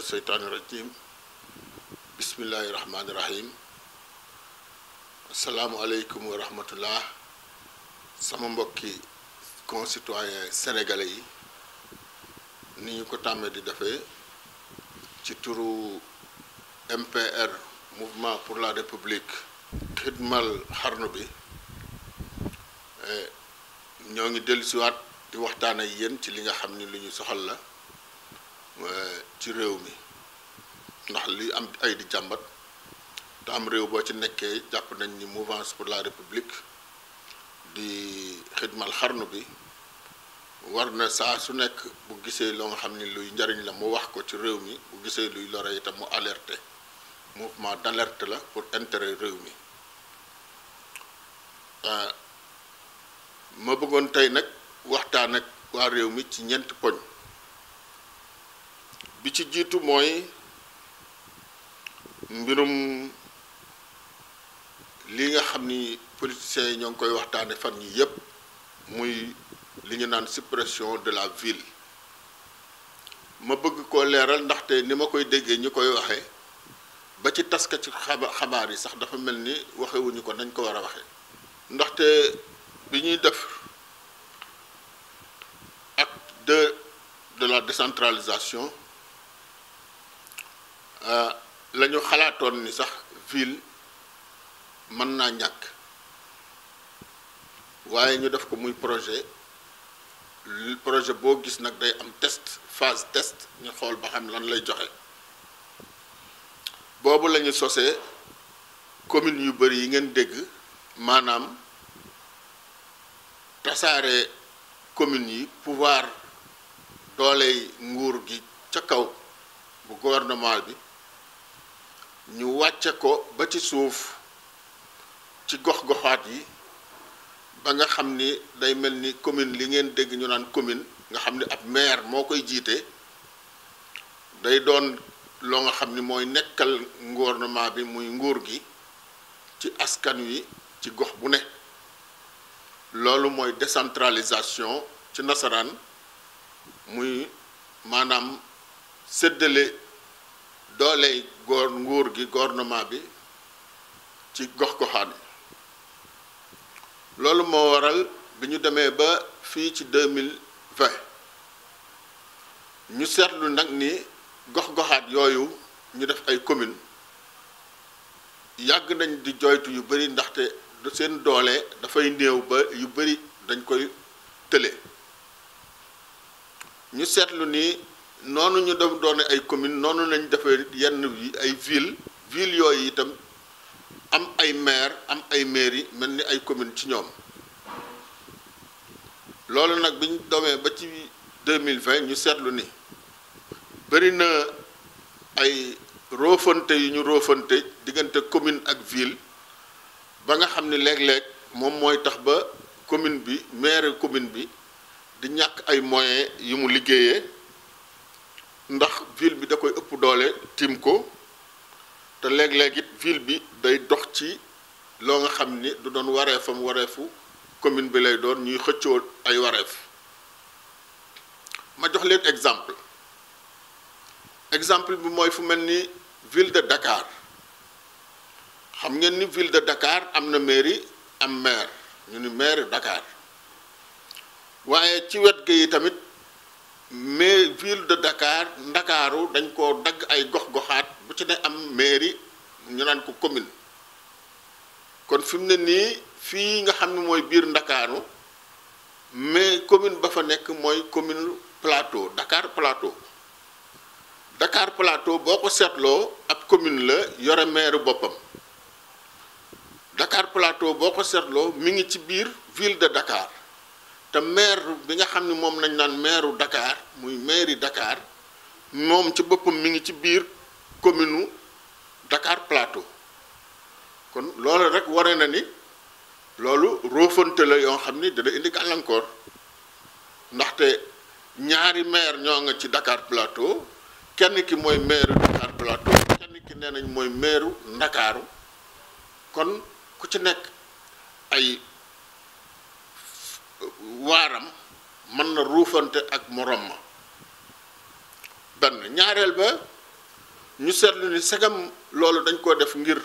mina seytaani rajiim bismillaahi rahmaani rahiim asalaamualeykum wa rahmatullah sama mbokki concitoyen sénégalais yi ni ñu ko tàmmee di defee ci turu MPR mouvement pour la république xidmal xarnu bi eh, ñoo ngi dellusiwaat di waxtaan ak yéen ci li nga xam ni lu ñu soxal la ci réew mi ndax li am ay di jàmbat te am réew boo ci nekkee jàpp nañ ni mouvance pour la république di xidmal xarnu bi war na saa su nekk bu gisee loo nga xam ni luy njariñ la mu wax ko ci réew mi bu gisee luy lore itam mu alerte mouvement d'alerte la pour intérêt réew mi euh, ma bëggoon tey nag waxtaan ak waa réew mi ci ñeenti poñ bi ci jiitu mooy mbirum li nga xam ni politiciens yi ñoo ngi koy waxtaane fan yi yépp muy li ñu naan suppression de la ville ma bëgg ko leeral ndaxte ni ma koy déggee ñu koy waxee ba ci taska ci xabaar yi sax dafa mel ni waxewuñu ko nañ ko war a waxe ndaxte bi ñuy def ak de de la décentralisation Euh, la ñu xalaatoon ni sax ville mën naa ñàkk waaye ñu def ko muy projet projet boo gis nag day am test phase test ñu xool ba xam lan lay joxe boobu la ñu sosee commune yu bari yi ngeen dégg maanaam tasaare communes yi pouvoir dooley nguur gi ca kaw bu gouvernement bi ñu wàcce ko ba ci suuf ci gox-goxaat yi ba nga xam ni day mel ni commune li ngeen dégg ñu naan commune nga xam ni ab maire moo koy jiite day doon loo nga xam ni mooy nekkal gouvernement bi muy nguur gi ci askan wi ci gox bu ne loolu mooy décentralisation ci nasaraan muy maanaam séddale dooley góor nguur gi gouvernement bi ci gox-goxaan yi loolu moo waral bi ñu demee ba fii ci 2020 ñu seetlu nag ni gox-goxaat yooyu ñu def ay commune yàgg nañ di joytu yu bari ndaxte seen doole dafay néew ba yu bari dañ koy tële ñu seetlu nii noonu ñu def doone ay commune noonu lañ defee yenn ay ville ville yooyu itam am ay maire am ay yi mel ni ay commune ci ñoom loolu nag bi ñu domee ba ci mille 2020 ñu seetlu ni bëri na ay roofante yu ñu roofante diggante commune ak ville ba nga xam ni léeg-léeg moom mooy tax ba commune bi maire commune bi di ñàkk ay moyens yu mu liggéeyee ndax ville bi da koy ëpp doole tiim ko te léeg-léeg it ville bi day dox ci loo nga xam ni du doon wareefam wareefu commune bi lay doon ñuy xëccoo ay wareef ma jox leen exemple exemple bi mooy fu mel ni ville de Dakar xam ngeen ni ville de Dakar am na mairie am maire ñu ni maire Dakar waaye ci wet gi yi tamit. mais ville de Dakar Ndakaaru dañ ko dagg ay gox-goxaat bu ci ne am mairie ñu naan ko commune kon fi mu ne nii fii nga xam ne mooy biir Ndakaaru mais commune ba fa nekk mooy commune plateau Dakar plateau Dakar plateau boo ko seetloo ab commune la yore maire boppam Dakar plateau boo ko seetloo mi ngi ci biir ville de Dakar. te maire bi nga xam ni moom lañ naan maireu dakaar muy mairie Dakar moom ci boppam mi ngi ci biir commune Dakar Plateau kon loolu rek ware na ni loolu roofante la yoo xam ni dana indi gàllankoor ndaxte ñaari maire ñoo nga ci Dakar Plateau kenn ki mooy maire Dakar Plateau kenn ki nee nañ mooy maireu Ndakaaru kon ku ci nekk ay waaram mën na ruufante ak morom ma benn ñaareel ba ñu seetlu ni segam loolu dañ koo def ngir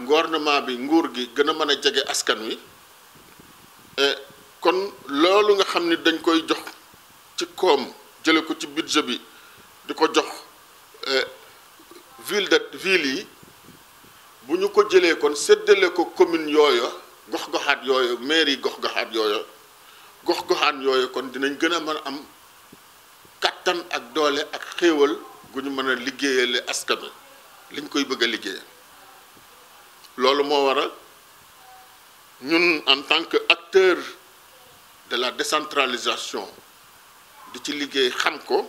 gouvernement bi nguur gi gën a mën a jege askan wi e, kon loolu nga xam ni dañ koy jox ci koom jële ko ci budget bi di ko jox e, ville de ville yi bu ñu ko jëlee kon séddale ko commune yooyu gox goxaat yooyu mairie gox goxaat yooyu gox-goxaan yooyu kon dinañ gën a mën a am kattan ak doole ak xéewal gu ñu mën a liggéeyale askan wi liñ koy bëgg a loolu moo waral ñun en tant que acteur de la décentralisation di ci liggéey xam ko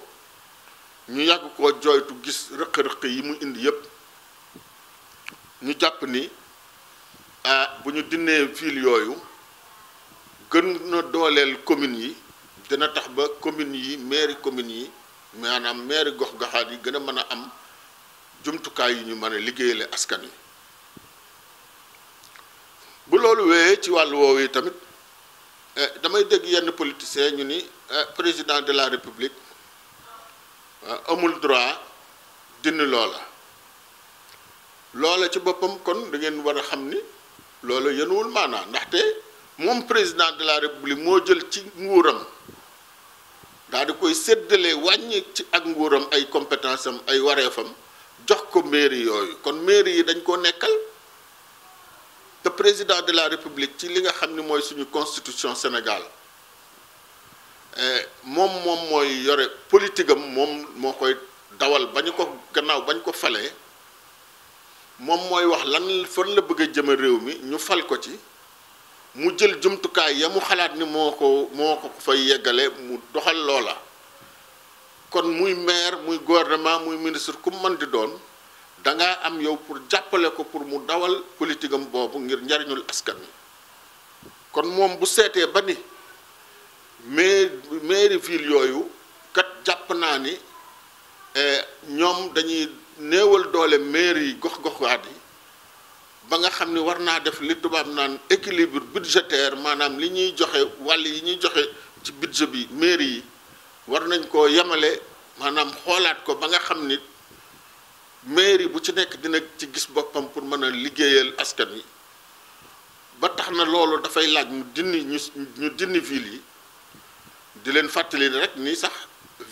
ñu yàgg ko jooytu gis rëq-rëq yi mu indi yépp ñu jàpp ni ah bu ñu dindee fiil yooyu gën na dooleel communes yi dina tax ba communes yi mairie communes yi maanaam mairie gox goxaat yi gën a mën a am jumtukaay yu ñu mën a liggéeyale askan wi bu loolu wéyee ci wàll woowu tamit eh, damay dégg yenn politiciens ñu ni eh, président de la république eh, amul droit dindi loola loola ci boppam kon da ngeen war a xam ni loolu yenuwul maanaa ndaxte moom président de la république moo jël ci nguuram daal di koy séddalee wàññi ci ak nguuram ay compétence am ay wareefam jox ko mairie yooyu kon mairie yi dañ ko nekkal te président de la république ci li nga xam ni mooy suñu constitution Sénégal eh, moom moom mooy yore politique moom moo koy dawal ba ko gannaaw bañ ñu ko falee moom mooy wax lan fon la bëgg a jëme réew mi ñu fal ko ci mu jël jumtukaay ya mu xalaat ni moo ko moo ko fay yeggale mu doxal loola kon muy maire muy gouvernement muy ministre ku man di doon da nga am yow pour jàppale ko pour mu dawal politique am boobu ngir njariñul askan wi kon moom bu seetee ba ni maire mairie ville yooyu kat jàpp naa ni eh, ñoom dañuy néewal doole mairie yi gox-goxaat yi ba nga xam ni war naa def li tubaab naan équilibre budgétaire maanaam li ñuy joxe wàll yi ñuy joxe ci budget bi mairie yi war nañ koo yamale maanaam xoolaat ko ba nga xam ni mairie bu ci nekk dina ci gis boppam pour mën a liggéeyal askan wi ba tax na loolu dafay laaj mu dindi ñu ñu dindi ville yi di leen fàttali rek nii sax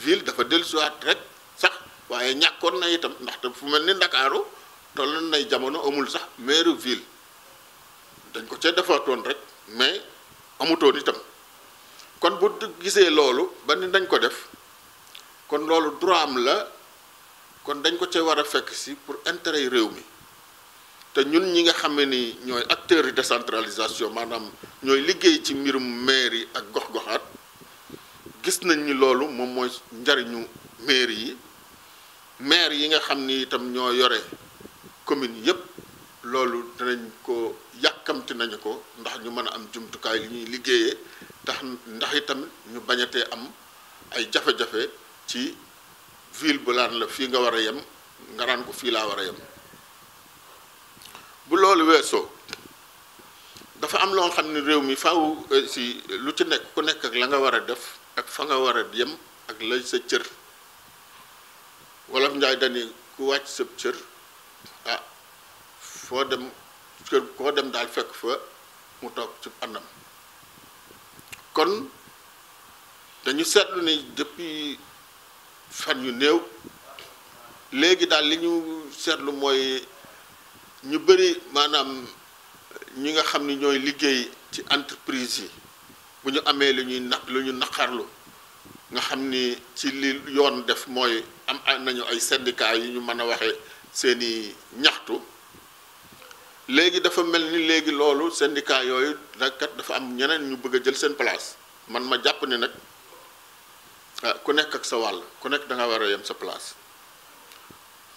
ville dafa dellusiwaat rek sax waaye ñàkkoon na itam ndaxte fu mel ni Ndakaaru lan nay jamono amul sax maire ville dañ ko ca defaatoon rek mais amutoon itam kon bu gisee loolu ba ni dañ ko def kon loolu droit am la kon dañ ko ca war a fekk si pour intere yi réew mi te ñun ñi nga xam ne ni ñooy acteurs yi centralisation maanaam ñooy liggéey ci mbirum maire yi ak gox-goxaat gis nañ ni loolu moom mooy njariñu maire yi maire yi nga xam ni itam ñoo yore. commune yépp loolu dinañ ko yàkkamti nañu ko ndax ñu mën a am jumtukaay li ñuy liggéeyee tax ndax itam ñu bañatee am ay jafe-jafe ci ville bu laan la fii nga war a yem nga naan ko fii laa war a yem bu loolu weesoo dafa am loo xam ne réew mi faw euh, si lu ci nekk ku nekk ak la nga war a def ak fa nga war a yem ak lay sa cër wolof njaay dani ku wàcc sa cër ah, foo dem kër koo dem daal fekk fa mu toog ci anam kon dañu seetlu ni depuis fan yu néew léegi daal li ñu seetlu mooy ñu bëri maanaam ñi nga xam ni ñooy liggéey ci entreprise yi bu ñu amee lu ñuy naq lu ñu naqarlu nga xam ni ci li yoon def mooy am nañu ay syndicat yu ñu mën a waxee seeni ñaxtu léegi dafa mel ni léegi loolu seen syndicat yooyu nag dafa am ñeneen ñu bëgg a jël seen place man ma jàpp ni nag ah, ku nekk ak sa wàll ku nekk danga war a yem sa place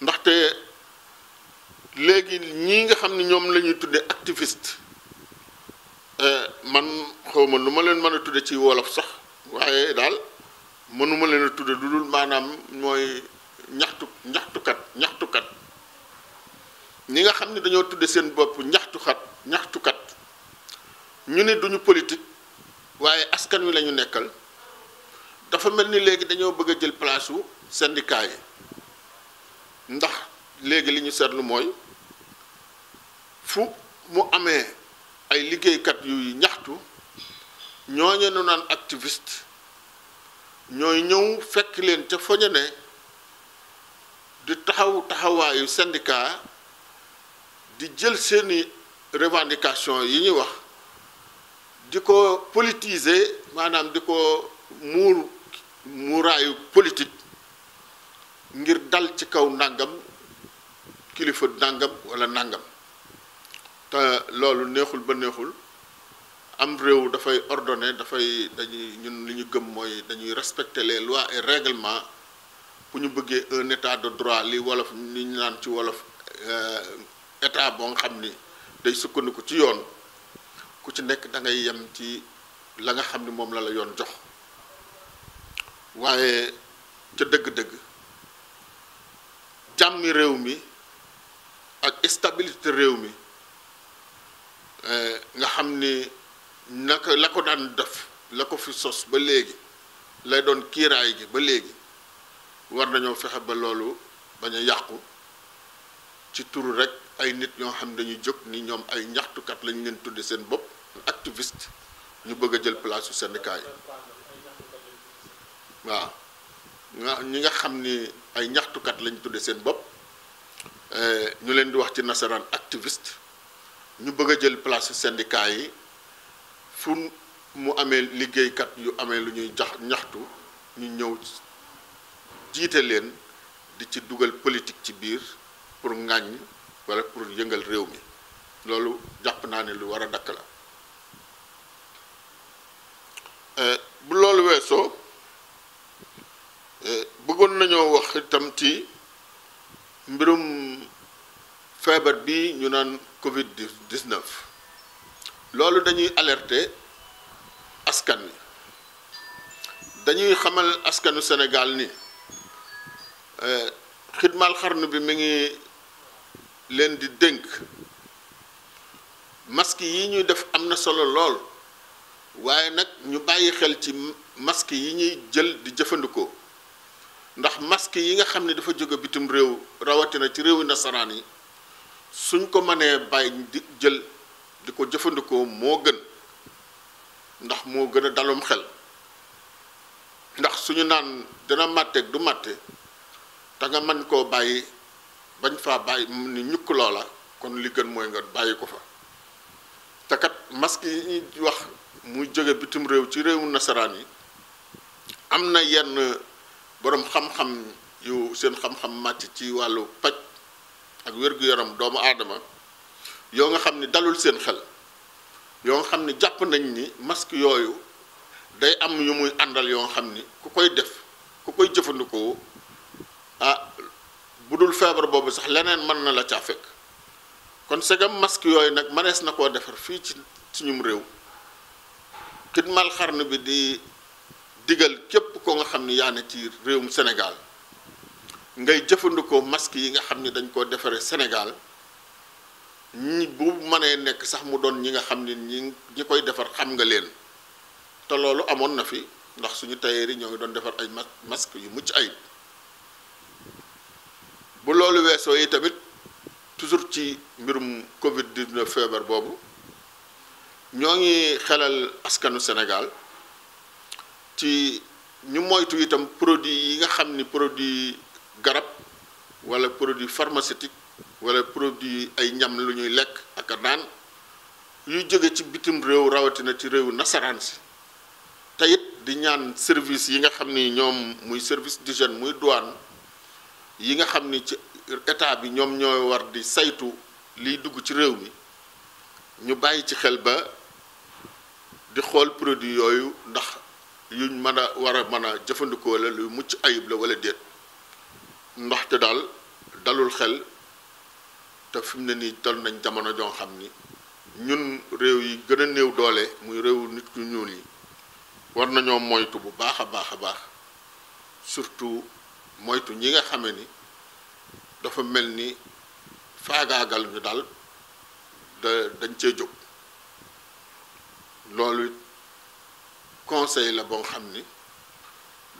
ndaxte léegi ñi nga xam ne ñoom lañuy ñuy tuddee activiste eh, man xawma lu ma leen mën a tudde ci wolof sax waaye daal mënuma leen a tudde lu dul maanaam mooy ñaxtu ñaxtukat ñax ñi nga xam ne dañoo tuddee seen bopp ñaxtukat ñaxtukat ñu ne duñu politique waaye askan wi lañu nekkal dafa mel ni léegi dañoo bëgg a jël place wu yi ndax léegi li ñu seetlu mooy fu mu amee ay liggéeykat yuy ñaxtu ñooñu nu naan activiste ñooy ñëw fekk leen ca foñe ne di taxaw taxawaayu syndicat di jël seeni revendication yi ñuy wax di ko politiser maanaam di ko muur muuraayu politique ngir dal ci kaw ndàngam kilifa ndàngam walla nàngam te loolu neexul ba neexul am réew dafay ordonné dafay dañuy ñun li ñu gëm mooy dañuy respecter les lois et règlements bu ñu bëggee un état de droit li wolof li ñu naan ci wolof euh, état boo nga xam ni day sukkandiku ci yoon ku ci nekk da ngay yem ci la nga xam ni moom la la yoon jox waaye ca dëgg-dëgg jàmmi réew mi ak stabilité réew mi eh, nga xam ni naka la ko daan def la ko fi sos ba léegi lay doon kiiraay gi ba léegi war nañoo fexe ba loolu bañ a yàqu ci turu rekk ay nit ñoo xam ne dañuy jóg ni ñoom ay ñaxtukat lañ leen tudde seen bopp activiste ñu bëgg a jël place su syndicat yi waaw ñi nga xam ni ay ñaxtukat lañ tudde seen bopp eh, ñu leen di wax ci nasaraan activiste ñu bëgg a jël place su syndicat yi fu mu amee liggéeykat yu amee lu ñuy jax ñaxtu ñu ñëw jiite leen di ci dugal politique ci biir pour ŋàññ wala pour jëngal réew mi loolu jàpp naa ni lu war a dakk la euh, bu loolu weesoo euh, bëggoon nañoo wax itam ci mbirum feebar bi ñu naan Covid 19 loolu dañuy alerte askan wi dañuy xamal askanu Sénégal ni euh, xidmaal xarnu bi mi ngi. leen di dénk masque yi ñuy def am na solo lool waaye nag ñu bàyyi xel ci masque yi ñuy jël di jëfandikoo ndax masque yi nga xam ne dafa jóge bitim réew rawatina ci réewu nasaraan yi suñ ko mënee bàyyi di jël di ko jëfandikoo moo gën ndax moo gën a dalum xel ndax suñu naan dina màtteeg du màtte te nga mën koo bàyyi bañ faa bàyyi ni ñukk loola kon li gën mooy nga bàyyi ko fa te kat masque yi ñuy wax mu jóge bitim réew ci réewu nasaraan yi am na yenn boroom xam-xam yu seen xam-xam màcc ci wàllu paj ak wér-gu-yaram doomu aadama yoo nga xam ni dalul seen xel yoo nga xam ni jàpp nañ ni masque yooyu day am yu muy àndal yoo nga xam ni ku koy def ku koy jëfandikoo ah bu dul feebar boobu sax leneen mën na la caa fekk kon segam masque yooyu nag mënees na koo defar fii ci suñum réew kitmal xarnu bi di digal képp ko nga xam ni yaa ne ci réewum senegal ngay jëfandikoo masque yi nga xam ni dañ koo defaree senegal ñi bu mënee nekk sax mu doon ñi nga xam ni ñi ñi koy defar xam nga leen te loolu amoon na fi ndax suñu tailleur yi ñoo ngi doon defar ay masque yu mucc ayib bu loolu weesoo yi tamit toujours ci mbirum Covid 19 feebar boobu ñoo ngi xelal askanu Sénégal ci ñu moytu itam produit yi nga xam ni produit garab wala produit pharmaceutique wala produit ay ñam lu ñuy lekk ak naan yu jóge ci bitim réew rawatina ci réewu nasaraan si te it di ñaan service yi nga xam ni ñoom muy service d'hygiène muy douane. yi nga xam ni ci état bi ñoom ñoo war di saytu liy dugg ci réew mi ñu bàyyi ci xel ba di xool produit yooyu ndax yuñ mën a war a mën a jëfandikoo la lu mucc ayib la wala déet ndaxte daal dalul xel te fi mu ne nii dal nañ jamono joo xam ni ñun réew yi gën a néew doole muy réew nit ku ñuul yi war nañoo moytu bu baax a baax a baax moytu ñi nga xame ni dafa mel ni faagaagal ñu dal da dañ cee jóg loolu conseil la boo xam ni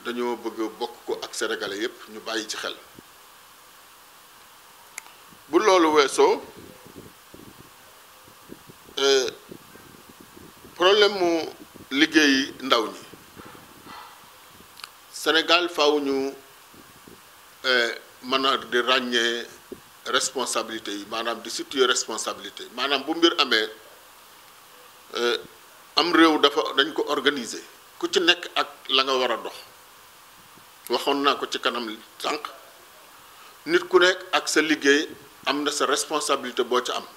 dañoo bëgg bokk ko ak sénégalais yépp ñu bàyyi ci xel bu loolu weesoo euh, problème mu liggéey ndaw ñi Sénégal faw ñu Euh, mën a di ràññee responsabilité yi maanaam di situer responsabilité maanaam bu mbir amee euh, am réew dafa dañ ko organiser ku ci nekk ak la nga war a dox waxoon naa ko ci kanam sànq nit ku nekk ak sa liggéey am na sa responsabilité boo ca am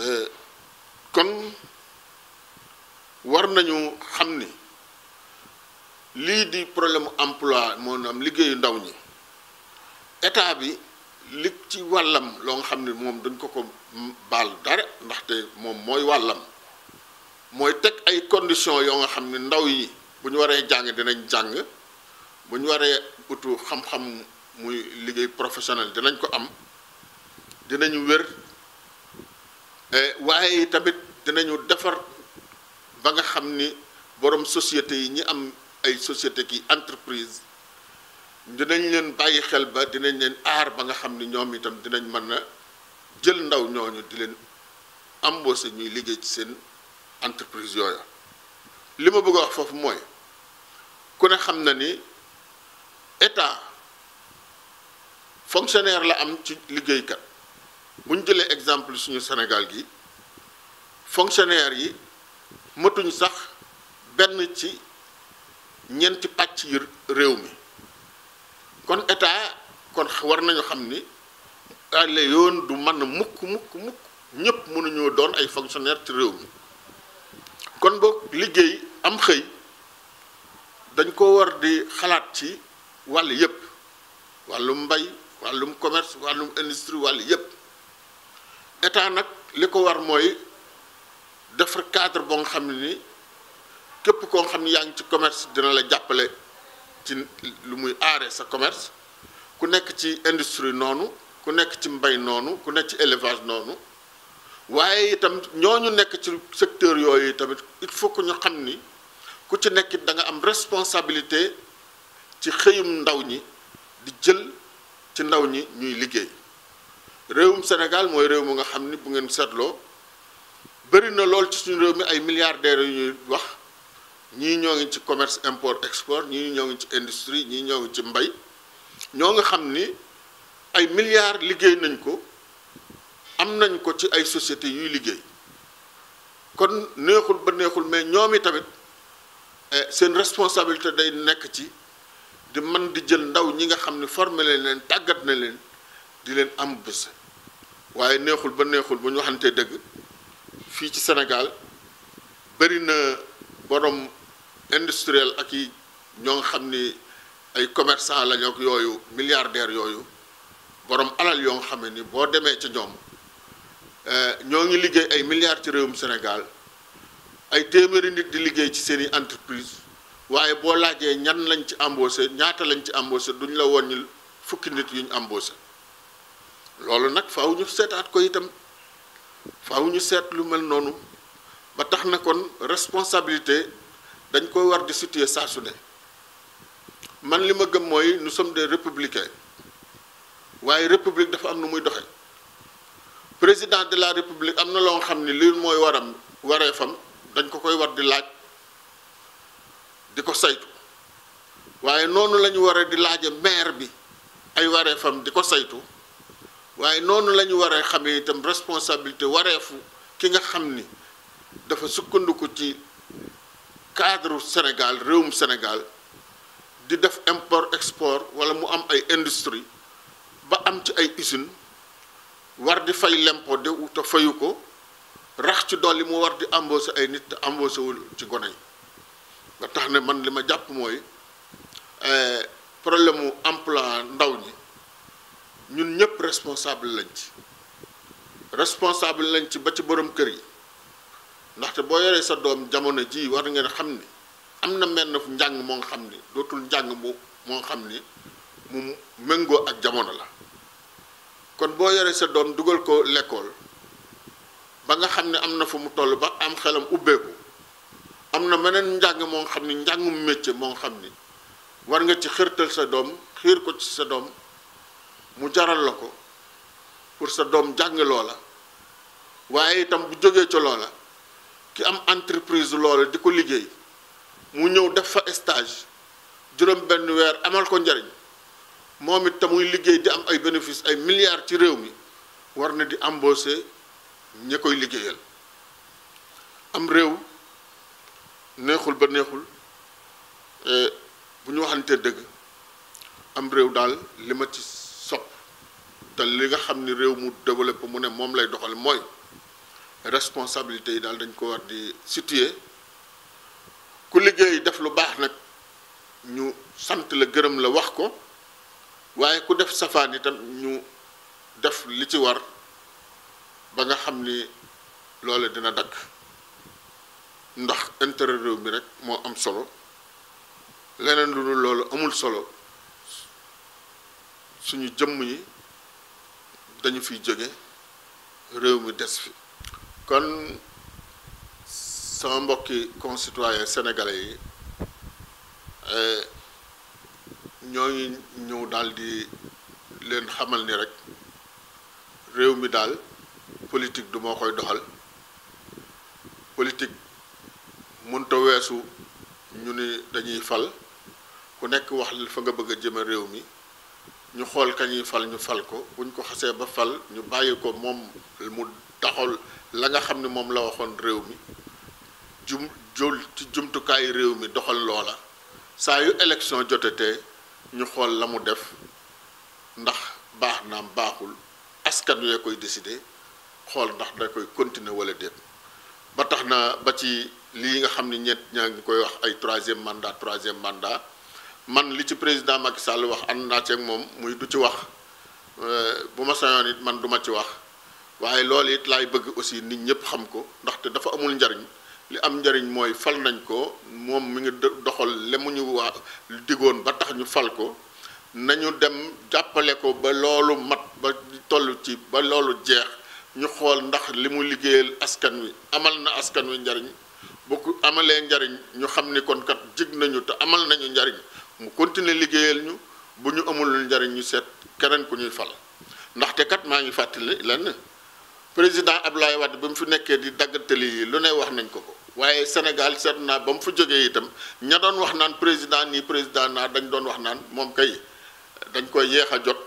euh, kon war nañu xam ni lii di problème emploi moo am liggéeyu ndaw ñi état bi li ci wàllam loo nga xam ne moom dañ ko ko baal dara ndaxte moom mooy wàllam mooy teg ay conditions yoo nga xam ne ndaw yi bu ñu waree jàng dinañ jàng bu ñu waree utu xam-xam muy liggéey professionnel dinañ ko am dinañu wér e waaye tamit dinañu defar ba nga xam ni borom société yi ñi am. ay société ki entreprise dinañ leen bàyyi xel ba dinañ leen aar ba nga xam ni ñoom itam dinañ mën a jël ndaw ñooñu di leen embauché ñuy liggéey ci seen entreprise yooya li ma bëgg a wax foofu mooy ku ne xam na ni état fonctionnaire la am ci liggéeykat bu ñu jëlee exemple suñu Sénégal gi fonctionnaire yi matuñ sax benn ci ñeenti pàcc yi réew mi kon état kon war nañu xam ni ale yoon du mën mukk mukk mukk ñëpp mënuñoo doon ay fonctionnaire ci réew mi kon boog liggéey am xëy dañ ko war di xalaat ci wàll yépp wàllum mbay wàllum commerce wàllum industrie wàll yépp état nag li ko war mooy defar cadre boo nga xam ne ni képp koo xam ni yaa ngi ci commerce dina la jàppale ci lu muy aaree sa commerce ku nekk ci industrie noonu ku nekk ci mbay noonu ku nekk ci élevage noonu waaye itam ñooñu nekk ci secteur yooyu tamit il faut que ñu xam ni ku ci nekk danga am responsabilité ci xëyum ndaw ñi di jël ci ndaw ñi ñuy liggéey réewum Sénégal mooy réew mu nga xam ni bu ngeen seetloo bëri na lool ci suñu réew mi ay milliardaires yu ñuy wax ñii ñoo ngi ci commerce import export ñii ñoo ngi ci industrie ñii ñoo ngi ci mbay ñoo nga xam ni ay milliards liggéey nañ ko am nañ ko ci ay société yuy liggéey kon neexul ba neexul mais ñoom i tamit eh, seen responsabilité day nekk ci di man di jël ndaw ñi nga xam ni formé leen leen tàggat na leen di leen am bés waaye neexul ba neexul bu ñu waxantee dëgg fii ci senegal bëri na borom. industriel ak yi ñoo nga xam ni ay commerçant la ñoo yooyu milliardaires yooyu borom alal yoo nga xam ne ni boo demee ca ñoom eh, ñoo ngi liggéey ay milliards ci réewum Sénégal ay téeméeri nit di liggéey ci seen i entreprise waaye boo laajee ñan lañ ci embauché ñaata lañ ci embauché duñu la woon woññil fukki nit yuñ embauché loolu nag faaw ñu seetaat ko itam faaw ñu seet lu mel noonu ba tax na kon responsabilité dañ koy war di situer saa ne man li ma gëm mooy nu sommes des républicains waaye république dafa am nu muy doxe président de la république am na loo xam ni li mooy waram waree dañ ko koy war di laaj di ko saytu waaye noonu la ñu waree di laaje maire bi ay waree di ko saytu waaye noonu la ñu waree xamee itam responsabilité wareefu ki nga xam ni dafa sukkandiku ci cadre Sénégal réewum Sénégal di def import export wala mu am ay industrie ba am ci ay usine war di fay lempo de te fayu ko rax ci dolli mu war di embaucher ay nit te wul ci gone yi nga tax ne man li ma jàpp mooy eh, problème mu emploi ndaw ñi ñun ñëpp responsable lañ ci responsable lañ ci ba ci borom kër yi ndaxte boo yoree sa doom jamono ji war nga xam ni am na menn njàng moo xam ni dootul njàng mu moo xam ni mu méngoo ak jamono la kon boo yoree sa doom dugal ko lekkool ba nga xam ne am na fa mu toll ba am xelam ubbeeku am na meneen njàng moo xam ni njàngum métier moo xam ni war nga ci xërtal sa doom xiir ko ci sa doom mu jaral la ko pour sa doom jàng loola waaye itam bu jógee ca loola ci am entreprise loole di ko liggéey mu ñëw def fa stage juróom benn weer amal ko njariñ moom it te liggéey di am ay bénéfice ay milliards ci réew mi war na di embaucher ñi koy liggéeyal am réew neexul ba neexul e, bu ñu waxante dëgg am réew daal li ma ci sopp te li nga xam ni réew mu développé mu ne moom lay doxal mooy responsabilité yi daal dañ ko war di situer ku liggéey def lu baax nag ñu sant la gërëm la wax ko waaye ku def safaan itam ñu def li ci war ba nga xam ni loola dina dakk ndox intere réew mi rek moo am solo leneen lu dul loolu amul solo suñu jëmm yi dañu fiy jóge réew mi des fi kon sama mbokki concitoyen sénégalais yi ñoo eh, ñooñu ñëw daal di leen xamal ni rek réew mi daal politique du moo koy doxal politik mënta weesu ñu ni dañuy fal ku nekk wax fa nga bëgg a jëme réew mi ñu xool kañuy fal ñu fal ko buñ ko xasee ba fal ñu bàyyi ko moom mu taxal la nga xam ne moom la waxoon réew mi jum jol ci jumtukaayu réew mi doxal loola saa yu élection te ñu xool la mu def ndax baax naam baaxul askan wee koy décider xool ndax da koy continuer wala déet ba tax na ba ci lii nga xam ni ñett ñaa ngi koy wax ay troisième mandat troisième mandat man li ci président Macky Sall wax ànd naa ci ak moom muy du ci wax euh, bu ma sañoon it man duma ci wax waaye loolu it laay bëgg aussi nit ñëpp xam ko ndaxte dafa amul njariñ li am njariñ mooy fal nañ ko moom mu ngi doxal lemu ñu waa digoon ba tax ñu fal ko nañu dem jàppale ko ba loolu mat ba toll ci ba loolu jeex ñu xool ndax li mu liggéeyal askan wi amal na askan wi njariñ bu ko amalee njariñ ñu xam ni kon kat jig nañu te amal nañu njariñ mu continuer liggéeyal ñu bu ñu amul njariñ ñu seet keneen ku ñuy fal ndaxte kat maa ngi fàttali lenn président Abdoulaye Wade ba mu fi nekkee di daggatali yi lu ne wax nañ ko ko waaye Sénégal seet naa ba mu fa jógee itam ña doon wax naan président nii président naa dañ doon wax naan moom kay dañ koy yéex a jot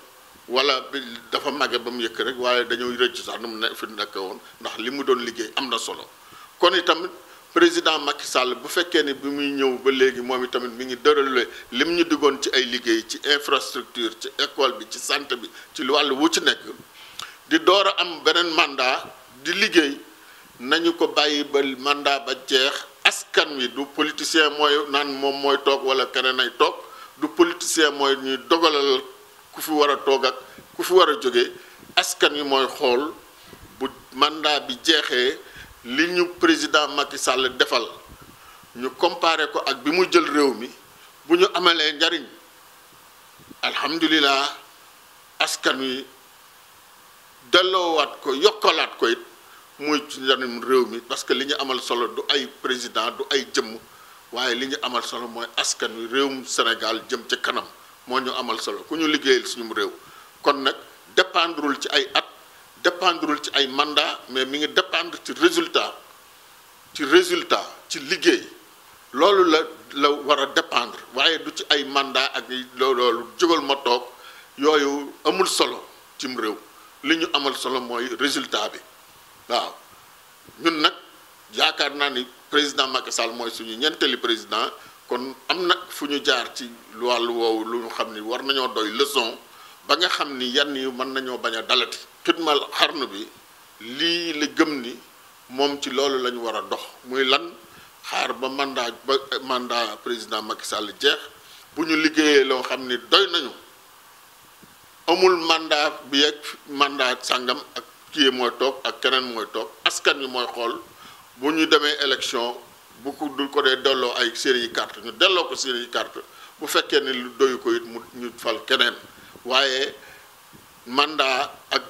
wala bi dafa màgge ba mu yëkk rek waaye dañoo rëcc sax nu mu nekk fi nekk woon ndax li mu doon liggéey am na solo kon itam président Macky sàll bu fekkee ni bi muy ñëw ba léegi moom itamit mu ngi li mu ñu diggoon ci ay liggéey ci infrastructure ci école bi ci santé bi ci wàllu wu ci nekk di door a am beneen mandat di liggéey nañu ko bàyyi ba mandat ba jeex askan wi du politicien mooy naan moom mooy toog wala keneen ay toog du politicien mooy ñuy dogalal ku fi war a toog ak ku fi war a jóge askan wi mooy xool bu mandat bi jeexee li ñu président Macky Sall defal ñu comparé ko ak bi mu jël réew mi bu ñu amalee njariñ alhamdulilah askan wi delloowaat ko yokkalaat ko it muy ci réew mi parce que li ñu amal solo du ay président du ay jëmm waaye li ñu amal solo mooy askan wi mu Sénégal jëm ca kanam moo ñu amal solo ku ñu liggéeyal suñu réew kon nag dépendrul ci ay at dépendrul ci ay mandat mais mi ngi dépendre ci résultat ci résultat ci liggéey loolu la la war a dépendre waaye du ci ay mandat ak loolu jógal ma toog yooyu amul solo cim réew li ñu amal solo mooy résultat bi waaw ñun nag yaakaar naa ni président Macky Sall mooy suñu ñenteeli président kon am nag fu ñu jaar ci wàllu woowu lu xam ni war nañoo doy leçon ba nga xam ni yan yi mën nañoo bañ a dalati xidmal xarnu bi lii li gëm ni moom ci loolu lañu ñu war a dox muy lan xaar ba mandat ba mandat président Macky Sall jeex bu ñu liggéeyee loo xam ni doy nañu amul mandat bi ak mandat sàngam ak kii mooy toog ak keneen mooy toog askan wi mooy xool bu ñu demee élection bu ko du ko dee delloo ay série yi carte ñu delloo ko série yi carte bu fekkee ni lu doyu ko it mu ñu fal keneen waaye mandat ak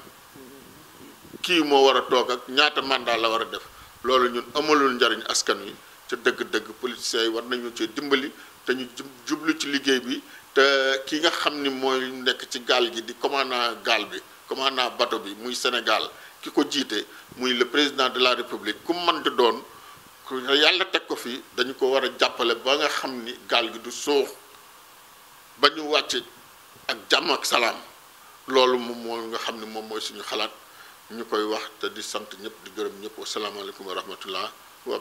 kii moo war a toog ak ñaata mandat la war a def loolu ñun amalul njariñ askan wi ca dëgg-dëgg politiciens yi war nañu cee dimbali te ñu jublu ci liggéey bi te ki nga xam ni mooy nekk ci gaal gi di commandant gaal bi commandant bateau bi muy Sénégal ki ko jiite muy le président de la république ku mënti doon ku yàlla teg ko fi dañu ko war a jàppale ba nga xam ni gaal gi du suux ba ñu wàcc ak jàmm ak salaam loolu moom mooy nga xam ni moom mooy suñu xalaat ñu koy wax te di sant ñëpp di gërëm ñëpp wasalaamaaleykum wa rahmatullah wa